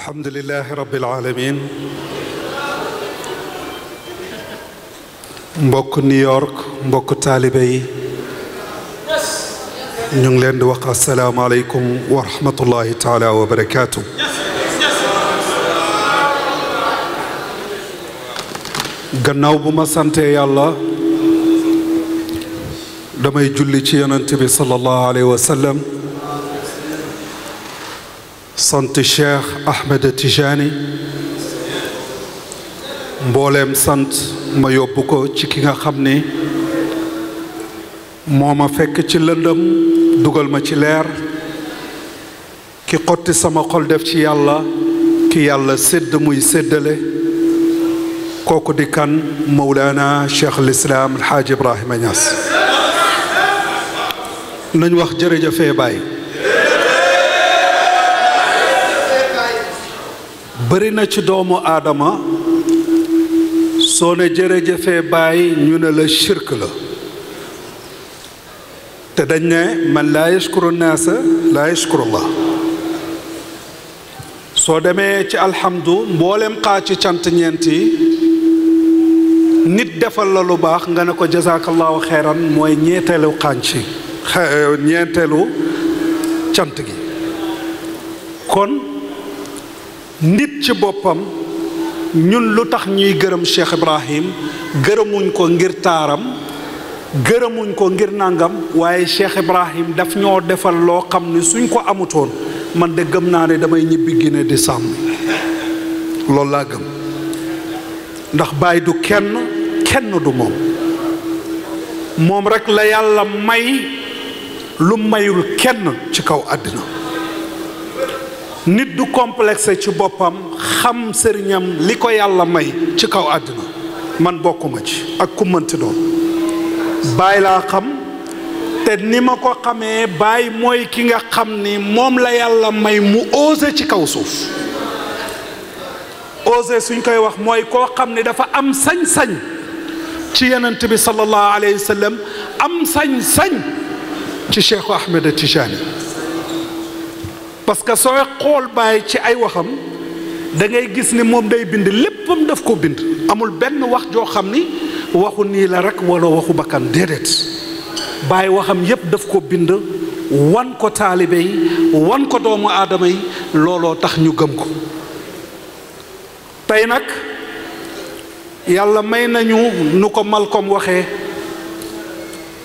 الحمد لله رب العالمين mbokk New York mbokk taalibe yi ñu ngi leen di wax asalaamaaleykum wa rahmatullahi taala wa barakaatu gannaaw bu ma santee yàlla damay julli ci yonent bi sallallahu alayhi wa sallam sant Cheikh Ahmed Tijani mbooleem sant ma yóbbu ko ci ki nga xam ni moo ma fekk ci lëndëm dugal ma ci leer ki xotti sama xol def ci yàlla ki yàlla sédd muy séddale kooku di kan Mawlana Cheikh al Islam El Hadj Ibrahima nañ wax jërëjëfee Baay bëri na ci doomu aadama soo ne jërëjëfee bàyyi ñu ne la shirk la te dañ ne man laa yashkuru naasa laa yashkurullah soo demee ci alhamdu mboolem xaa ci cant ñeent yi nit defal la lu baax nga ne ko jazaakallaahu xeeran mooy ñeenteelu xànc ñeenteelu cant gi kon nit ci boppam ñun lu tax ñuy gërëm Cheikh Ibrahim gërëmuñ ko ngir taaram gërëmuñ ko ngir nàngam waaye Cheikh Ibrahim daf ñoo defal loo xam ne suñ ko amutoon man de gëm naa ni damay ñibbi Guinée di sàmm loolu laa gëm ndax Baay du kenn kenn du moom moom rekk la yàlla may lu mayul kenn ci kaw àddina nit du complexe ci boppam xam sëriñam li ko yàlla may ci kaw àdduna man bokkuma ci ak ku mënti doon baay laa xam te ni ma ko xamee baay mooy ki nga xam ni moom la yàlla may mu osé ci kaw suuf osé suñ koy wax mooy koo xam ni dafa am sañ-sañ ci yenent bi sallallahu alayhi wa am sañ-sañ ci Cheikhu Ahmed Tijani parce que sooy xool bàyyi ci ay waxam dangay gis ni moom day bind léppam daf ko bind amul benn wax joo xam ni waxu nii la rek wala waxu bakkan déedéet bàyyi waxam yépp daf ko bind wan ko taalibe wan ko doomu aadama yi looloo tax ñu gëm ko tey nag yàlla may nañu nu ko Malcom waxee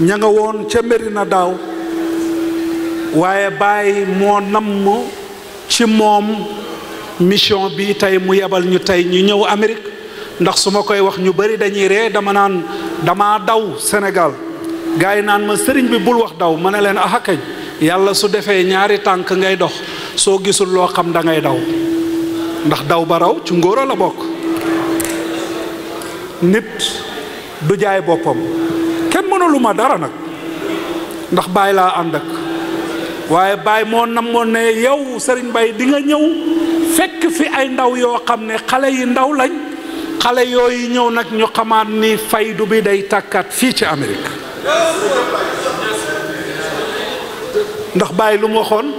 ña nga woon na daaw waaye bàyyi moo namm ci moom mission bi tey mu yebal ñu tey ñu ñëw Amérique ndax su ma koy wax ñu bari dañuy ree dama naan dama daw senegal gars yi naan ma sëriñ bi bul wax daw ma ne leen ah yàlla su defee ñaari tànk ngay dox soo gisul loo xam dangay daw ndax daw ba raw ci ngóora la bokk nit du jaay boppam kenn mënuluma dara nag ndax bàyyi laa ànd waaye baay moo namoon ne yow sëriñ Baye di ñëw fekk fi ay ndaw yoo xam ne xale yi ndaw lañ xale yooyu ñëw nag ñu xamaat ni faydu bi day tàkkaat fii ci amerik ndax bàyyi lu mu waxoon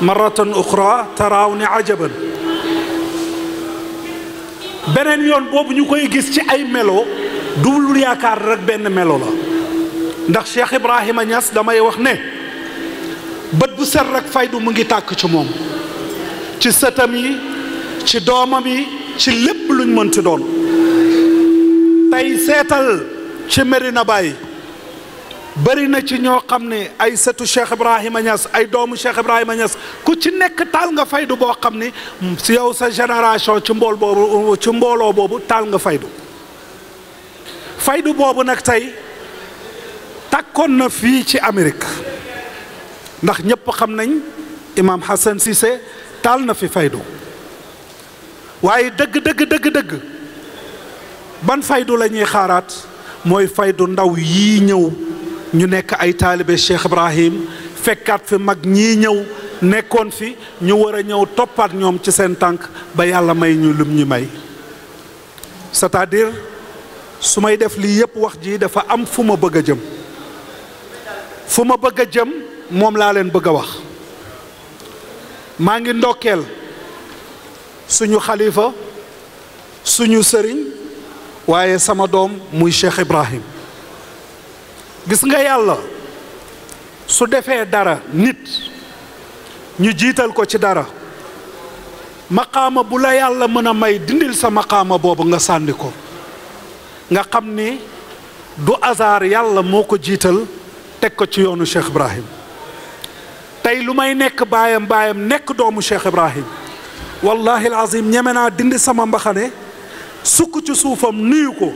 maratan uxra taraaw ni ajaban beneen yoon boobu ñu koy gis ci ay melo dubul yaakaar rek benn melo la ndax Cheikh Ibrahima Niass damay wax ne set rek faydu mu ngi tàkk ci moom ci sëtam yi ci doomam yi ci lépp luñ mënti doon tey seetal ci Medina Baye bëri na ci ñoo xam ne ay sëtu Cheikh Ibrahima Niass ay doomu Cheikh Ibrahima Niass ku ci nekk taal nga faydu boo xam ni si yow sa génération ci mbool boobu ci mbooloo boobu taal nga faydu faydu boobu nag tey takkoon na fii ci Amérique ndax ñépp xam nañ imaam Hassan sise taal na fi faydu waaye dëgg dëgg dëgg dëgg ban faydu la xaaraat mooy faydu ndaw yii ñëw ñu nekk ay taalibe Cheikh Ibrahim fekkaat fi mag ñii ñëw nekkoon fi ñu war a ñëw toppaat ñoom ci seen tànk ba yàlla may ñu lum ñu may cest à su may def lii yépp wax ji dafa am fu ma bëgg a jëm fu ma bëgg a jëm moom laa leen bëgg a wax maa ngi ndokkeel suñu xalifa suñu sëriñ waaye sama doom muy Cheikh Ibrahim gis nga yàlla su defee dara nit ñu jiital ko ci dara maxaama bu la yàlla mën a may dindil sa maqaama boobu nga sànni ko nga xam ni du hasard yàlla moo ko jiital teg ko ci yoonu Cheikh Ibrahim tey lu may nekk baayam baayam nekk doomu Cheikh Ibrahim wallahi alazim ñeme naa dindi sama mbaxane sukk ci suufam nuyu ko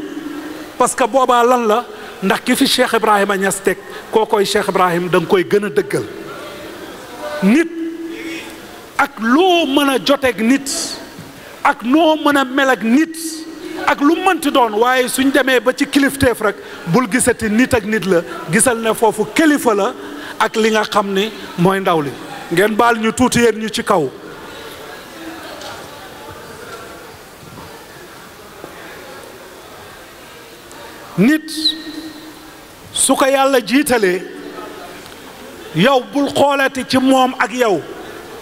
parce que boobaa lan la ndax ki fi Cheikh Ibrahima Ñas teg kookoy Cheikh Ibrahim da koy gën a dëggal nit ak loo mën a joteeg nit ak noo mën a mel ak nit ak lu mënti doon waaye suñ demee ba ci kilifteef rek bul gisati nit ak nit la gisal ne foofu kilifa la ak li nga xam ni mooy ndaw li ngeen baal ñu tuuti yen ñu ci kaw nit su ko yàlla jiitalee yow bul xoolati ci moom ak yow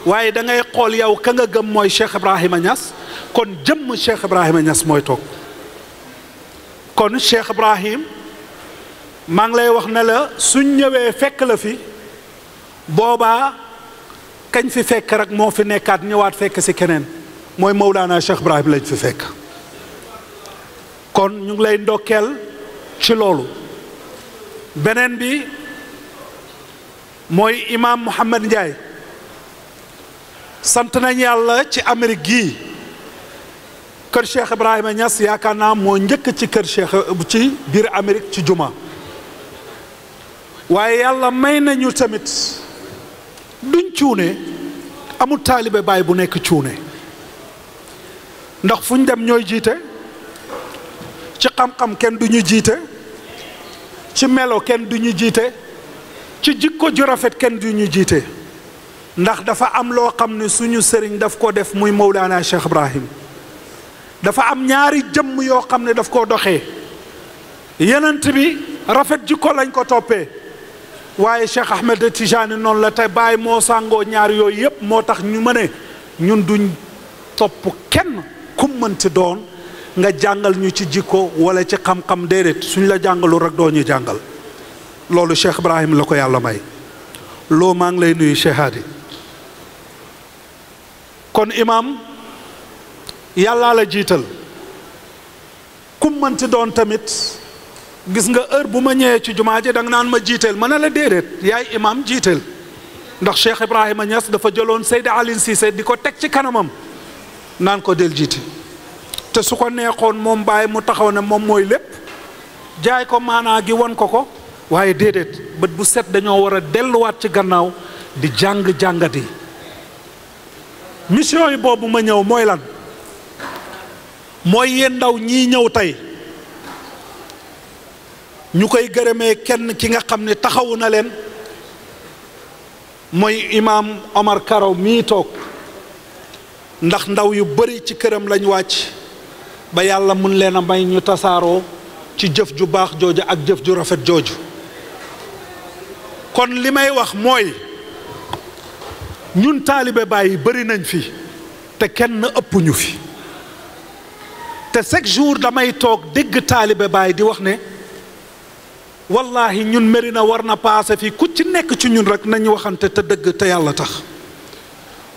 waaye dangay xool yow ka nga gëm mooy Cheikh Ibrahima Niass kon jëm jëmm Cheikh Ibrahima Niass mooy toog kon Cheikh Ibrahim maa ngi lay wax ne la suñ ñëwee fekk la fi boobaa kañ fi fekk rek moo fi nekkaat ñëwaat fekk si keneen mooy Mawlaana Cheikh Ibrahim lañ fi fekk kon ñu ngi lay ndokkeel ci loolu beneen bi mooy imaam Mouhamed Ndiaye sant nañ yàlla ci Amérique gii kër Cheikh Ibrahima ñas yaakaar naa moo njëkk ci kër Cheikh ci biir Amérique ci juma waaye yàlla may nañu tamit duñ cuune amul taalibe baay bu nekk cuune ndax fu ñu dem ñooy jiite ci xam-xam kenn duñu ñu jiite ci melo kenn duñu jiite ci jikko ju rafet kenn du ñu jiite ndax dafa am loo xam ne suñu sëriñ daf ko def muy Mawlaana Cheikh Ibrahim dafa am ñaari jëmm yoo xam ne daf koo doxee yenent bi rafet jikko lañ ko toppee waaye Cheikh Ahmed Tidiane noonu la te bàyyi moo sàngoo ñaar yooyu yëpp moo tax ñu ma ne ñun duñ topp kenn ku mënti doon nga jàngal ñu ci jikko wala ci xam-xam déedéet suñ la jàngalul rek doo ñu jàngal loolu Cheikh Ibrahim la ko yàlla may loo maa ngi lay nuyu Cheikh Hadi kon imaam yàllaa la jiital ku mënti doon tamit gis nga heure bu ma ñëwee ci jumaa ji da naan ma jiiteel ma ne la déedéet yaay imaam jiiteel ndax Cheikh Ibrahima Niass dafa jëloon Seydi Aline Cissé di ko teg ci kanamam naan ko del jiite te su ko neexoon moom bàyyi mu taxaw ne moom mooy lépp jaay ko maanaa gi won ko ko waaye déedéet bët bu set dañoo war a delluwaat ci gannaaw di jàng jàngat yi mission yi boobu ma ñëw mooy lan mooy yéen ndaw ñii ñëw tey ñu koy gërëmee kenn ki nga xam ne taxawu na leen mooy imaam Omar Karaw mii toog ndax ndaw yu bari ci këram lañu wàcc ba yàlla mun leen a may ñu tasaaroo ci jëf ju baax jooju ak jëf ju rafet jooju kon li may wax mooy ñun taalibe bàyyi bari nañ fi te kenn ëpp ñu fi te chaque jour damay toog dégg taalibe bàyyi di wax ne wallahi ñun Médina war na paase fii ku ci nekk ci ñun rek nañu waxante te dëgg te yàlla tax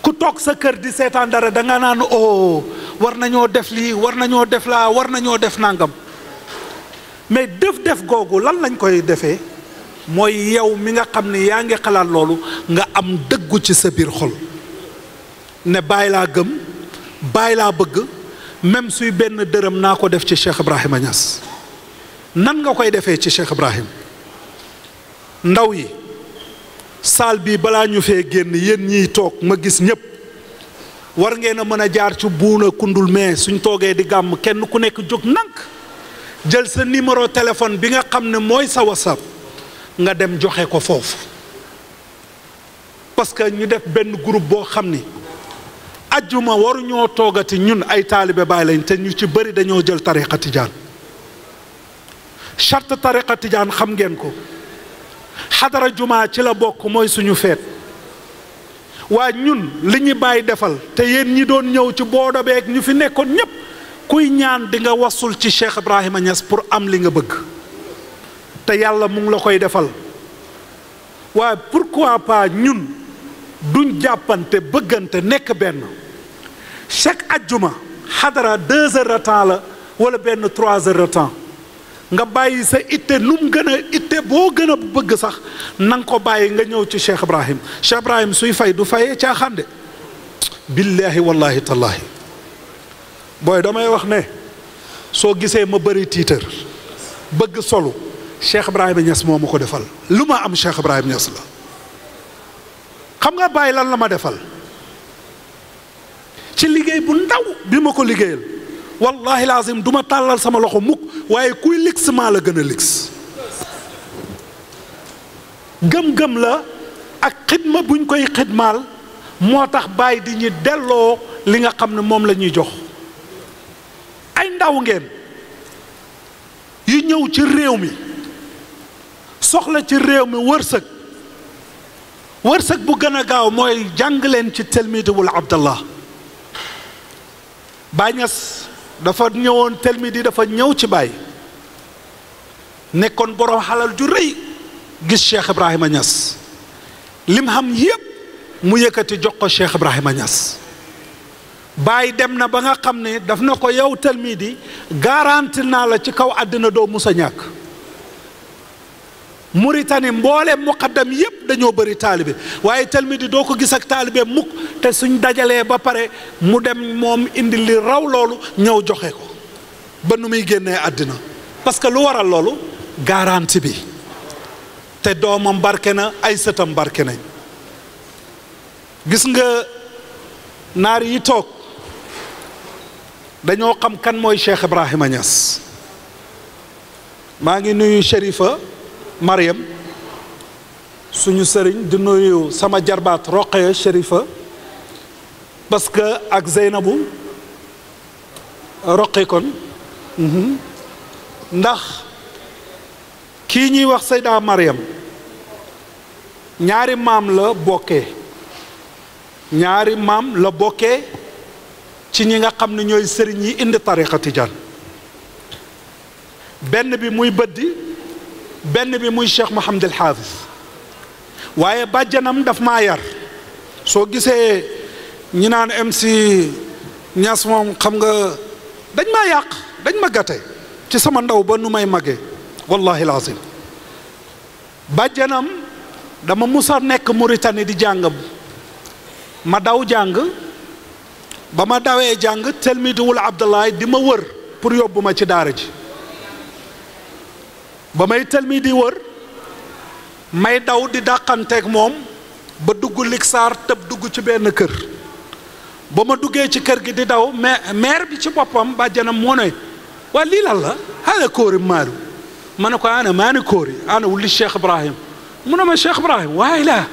ku toog sa kër di seetaan dara da nga naan o oh, war nañoo def lii war nañoo def laa war nañoo def nangam mais def-def googu lan lañ koy defee mooy yow mi nga xam ne yaa ngi xalaat loolu nga am dëggu ci sa biir xol ne bàyyi laa gëm bàyyi laa bëgg même suy benn dërëm naa ko def ci Cheikh Ibrahima Niass nan nga koy defee ci Cheikh Ibrahim ndaw yi saal bii balaa ñu fee génn yéen ñiy toog ma gis ñépp war ngeen a mën a jaar ci buuna kundul mais suñ toogee di gàmm kenn ku nekk jóg nank jël sa numéro téléphone bi nga xam ne mooy sa whatsapp nga dem joxe ko foofu parce que ñu def benn group boo xam ni ajjuma waruñoo toogati ñun ay taalibe baay lañ te ñu ci bari dañoo jël tariqa tijaan charte tariqa tijaan xam ngeen ko xadara jumaa ci la bokk mooy suñu feet waa ñun li ñu bàyyi defal te yéen ñi doon ñëw ci boodo beeg ñu fi nekkoon ñépp kuy ñaan di nga wasul ci Cheikh Ibrahima Niass pour am li nga bëgg te yàlla mu ngi la koy defal waaye pourquoi pa ñun duñ jàppante bëggante nekk benn chaque ajjuma xadara deux heures de la wala benn trois heures de temps nga bàyyi sa itte lu mu gën a itte boo gën a bëgg sax nang ko bàyyi nga ñëw ci Cheikh Ibrahim Cheikh brahim suy fay du fayee caaxaan de billaahi wallaahi tallaahi booy damay wax ne soo gisee ma bari tiitër bëgg solu Cheikh Ibrahima Niass moom ma ko defal lu ma am Cheikh Ibrahima Niass la xam nga bàyyi lan la ma defal ci liggéey bu ndaw bi ma ko liggéeyal wallahi lazim du ma tàllal sama loxo mukk waaye kuy liggs maa la gën a liggs gëm-gëm la ak xidma buñ koy xidmaal moo tax bàyyi di ñu delloo li nga xam ne moom la ñuy jox ay ndaw ngeen yu ñëw ci réew mi soxla ci réew mi wërsëg wërsëg bu gën a gaaw mooy jàng leen ci telmidiwul abdallah bàñas dafa ñëwoon telmi di dafa ñëw ci baay nekkoon borom xalal ju rëy gis Cheikh Ibrahima Niass lim xam yépp mu yëkkati jox ko Cheikh Ibrahima Niass bàyyi dem na ba nga xam ne daf na ko yow telmi di garanti naa la ci kaw àddina doo mus a ñàkk Mauritanie mbooleem muqaddam yëpp dañoo bari taalibe waaye talmidi doo ko gis ak taalibee mukk te suñ dajalee ba pare mu dem moom indi li raw loolu ñëw joxe ko ba nu muy génnee àddina parce que lu waral loolu garantie bi te doomam barke na ay sëtam barke nañ gis nga naar yi toog dañoo xam kan mooy Cheikh Ibrahima Niass maa ngi nuyu serifa Mariam suñu sëriñ di nuyu sama jarbaat Roqaya Sherifa parce que ak Zeynabu Roqe kon mhm, ndax kii ñuy wax Sayda Mariam ñaari maam la bokkee ñaari maam la bokkee ci ñi nga xam ne ñooy sëriñ yi indi tariqa tijaan benn bi muy bëddi benn bi muy cheikh Mouhamed El Haafis waaye bàjjanam daf maa yar soo gisee ñi naan MC Niass moom xam nga dañ maa yàq dañ ma gàtte ci sama ndaw ba nu may magee wallahi lazim bàjjanam dama musa nekk Mauritanie di jàngam ma daw jàng ba ma dawee jàng telmidiwul Abdoulaye di ma wër pour yóbbu ma ci daara ji ba may mii di wër may daw di dàqanteeg moom ba dugg ligsaar tëb dugg ci benn kër ba ma duggee ci kër gi di daw mais maire bi ci boppam bàjjanam moo ne waa lii lan la ana kóori maalu ma ne ko ana maa ni kóori ana wulli Cheikh Ibrahim mu ne ma Cheikh Ibrahim waaye laa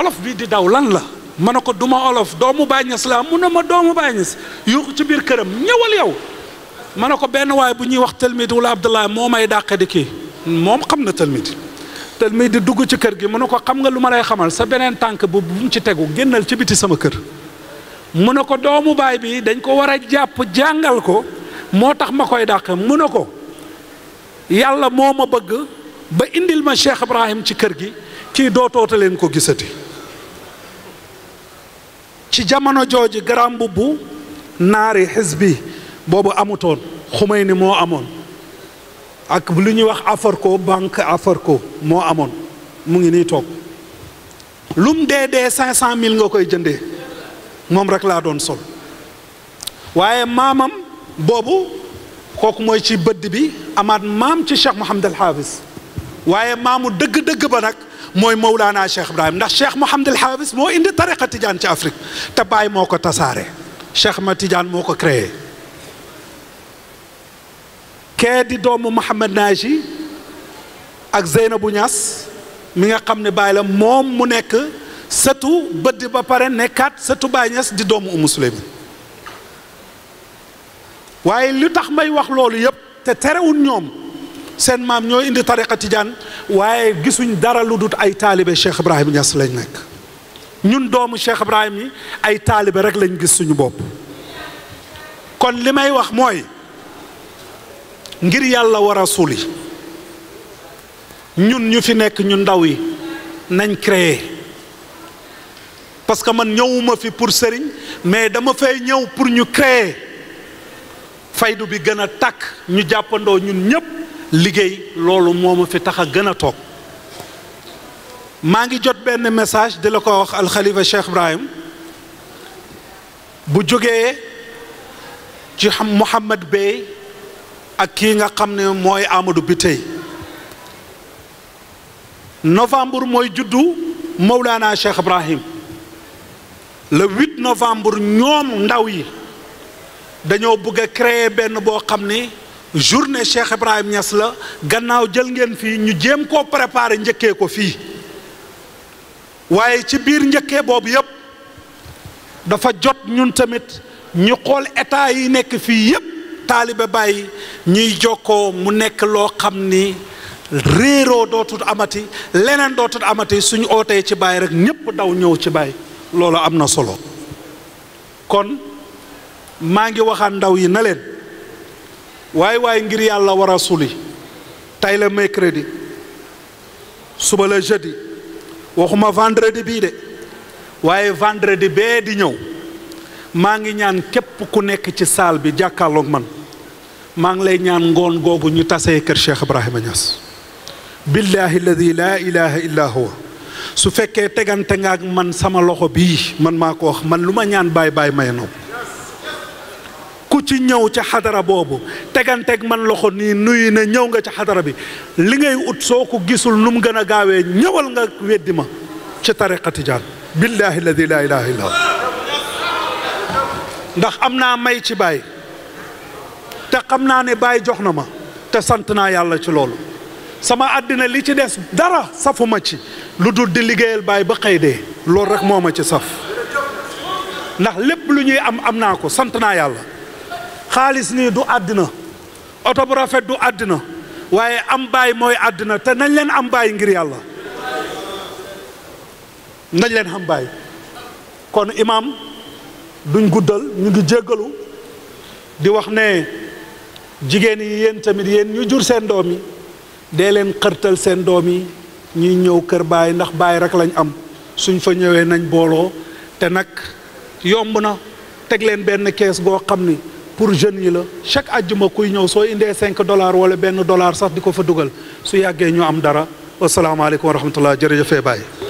olof bii di daw lan la ma ne ko duma olof doomu bàññas laa mu ne ma doomu bàññas yuuxu ci biir këram ñëwal yow ma ne ko benn waaye bu ñuy wax tëlmidi wala Abdallah moo may dàqe di kii moom xam na tëlmidi tëlmidi dugg ci kër gi mën ne ko xam nga lu ma lay xamal sa beneen tànk bu bu mu ci tegu génnal ci biti sama kër mu ne ko doomu baay bi dañ ko war a jàpp jàngal ko moo tax ma koy dàq mu ne ko yàlla moo ma bëgg ba indil ma Cheikh Ibrahim ci kër gi kii dootoota leen ko gisati ci jamono jooju garam bu naari xis bi boobu amutoon xumay ni moo amoon ak lu ñuy wax Afarco banque Afarco moo amoon mu ngi nii toog lum dee dee cinq cent mille nga koy jëndee moom rek laa doon sol waaye maamam boobu kooku mooy ci bëdd bi amaat maam ci Cheikh Mouhamed El Haafis waaye maamu dëgg-dëgg ba nag mooy Mawlaana Cheikh Ibrahim ndax Cheikh Mouhamed El Haafis moo indi tariqa Tidiane ci Afrique te bàyyi moo ko tasaare Cheikh ma Tidiane moo ko créer kee di doomu Mouhamed Naaji ak bu Ñas mi nga xam ne baay la moom mu nekk sëtu bëdd ba pare nekkaat sëtu Baay Ñas di doomu Umu Suleymaan waaye lu tax may wax loolu yépp te terewul ñoom seen maam ñoo indi tariqa tijaan waaye gisuñ dara lu dut ay taalibe Cheikh Ibrahim Ñas lañ nekk ñun doomu Cheikh Ibrahim yi ay taalibe rek lañ gis suñu bopp kon li may wax mooy ngir yàlla wa rasuli ñun ñu fi nekk ñu ndaw yi nañ crée parce que man ñëwuma fi pour sëriñ mais dama fay ñëw pour ñu crée faydu bi gën a tàkk ñu jàppandoo ñun ñépp liggéey loolu moo ma fi tax a gën a toog maa ngi jot benn message di la ko wax alxalifa Cheikh Ibrahim bu jógee ci Mouhamed Bey ak kii nga xam ne mooy Amadou bi tey novembre mooy juddu Mawlana Cheikh Ibrahim le 8 novembre ñoom ndaw yi dañoo bëgg a créer benn boo xam ni journée Cheikh Ibrahim Niass la gannaaw jël ngeen fii ñu jéem koo préparer njëkkee ko fii waaye ci biir njëkkee boobu yëpp dafa jot ñun tamit ñu xool état yi nekk fii yëpp taalibe bàyyi ñuy jokkoo mu nekk loo xam ni réeroo dootul amati leneen dootul amati suñu ootee ci bàyyi rek ñépp daw ñëw ci bàyyi loolu am na solo kon maa ngi waxaat ndaw yi na leen waaye waaye ngir yàlla war a suli tey la mercredi suba la jeudi waxuma vendredi bii de waaye vendredi bee di ñëw maa ngi ñaan képp ku nekk ci saal bi jàkkaarlook man maa ngi lay ñaan ngoon googu ñu tase kër Cheikh Ibrahima Niass billahi alladi laa huwa su fekkee tegante nga ak man sama loxo bii man maa ko wax man lu ma ñaan baay baay may naw ku ci ñëw ca xadara boobu teganteeg man loxo nii nuyu ne ñëw nga ci xadara bi li ngay ut soo ko gisul nu mu gën a gaawee ñëwal nga weddi ma ci tariqa tijaan billahi alladi laa huwa ndax am naa may ci baay te xam naa ne bàyyi jox na ma te sant naa yàlla ci loolu sama àddina li ci des dara safuma ci lu dul di liggéeyal bàyyi ba xëy dee loolu rek moo ma ci saf ndax lépp lu ñuy am am naa ko sant naa yàlla xaalis nii du àddina oto bu rafet du àddina waaye am baay mooy àddina te nañ leen am baay ngir yàlla nañ leen am baay kon imaam duñ guddal ñu ngi jéggalu di wax ne jigéen yi yéen tamit yéen ñu jur seen doom yi dee leen xërtal seen doom yi ñuy ñëw kër baay ndax baay rek lañ am suñ fa ñëwee nañ booloo te nag yomb na teg leen benn kees goo xam ni pour jeunes yi la chaque àjjuma kuy ñëw soo indee cinq dollars wala benn dollar sax di ko fa dugal su yàggee ñu am dara wasalaamaaleykum wa rahmatullah jërëjëfee baay